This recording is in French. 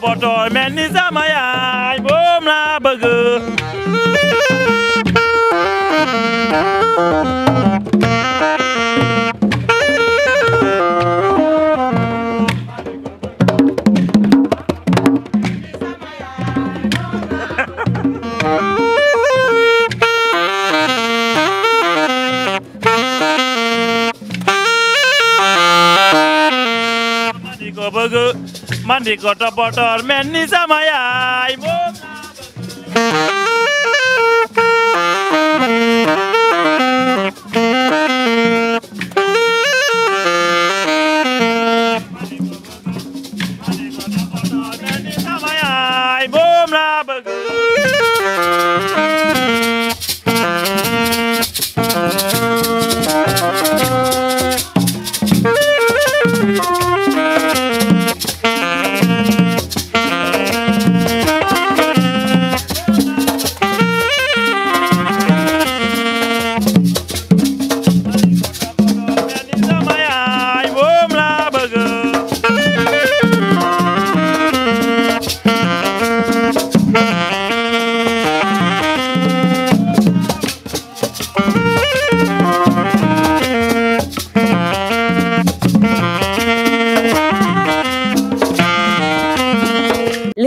toppatoo mel ni sama yaay moom laa bëgg di ko bëgg man di ko toppatoor mel ni sama yaay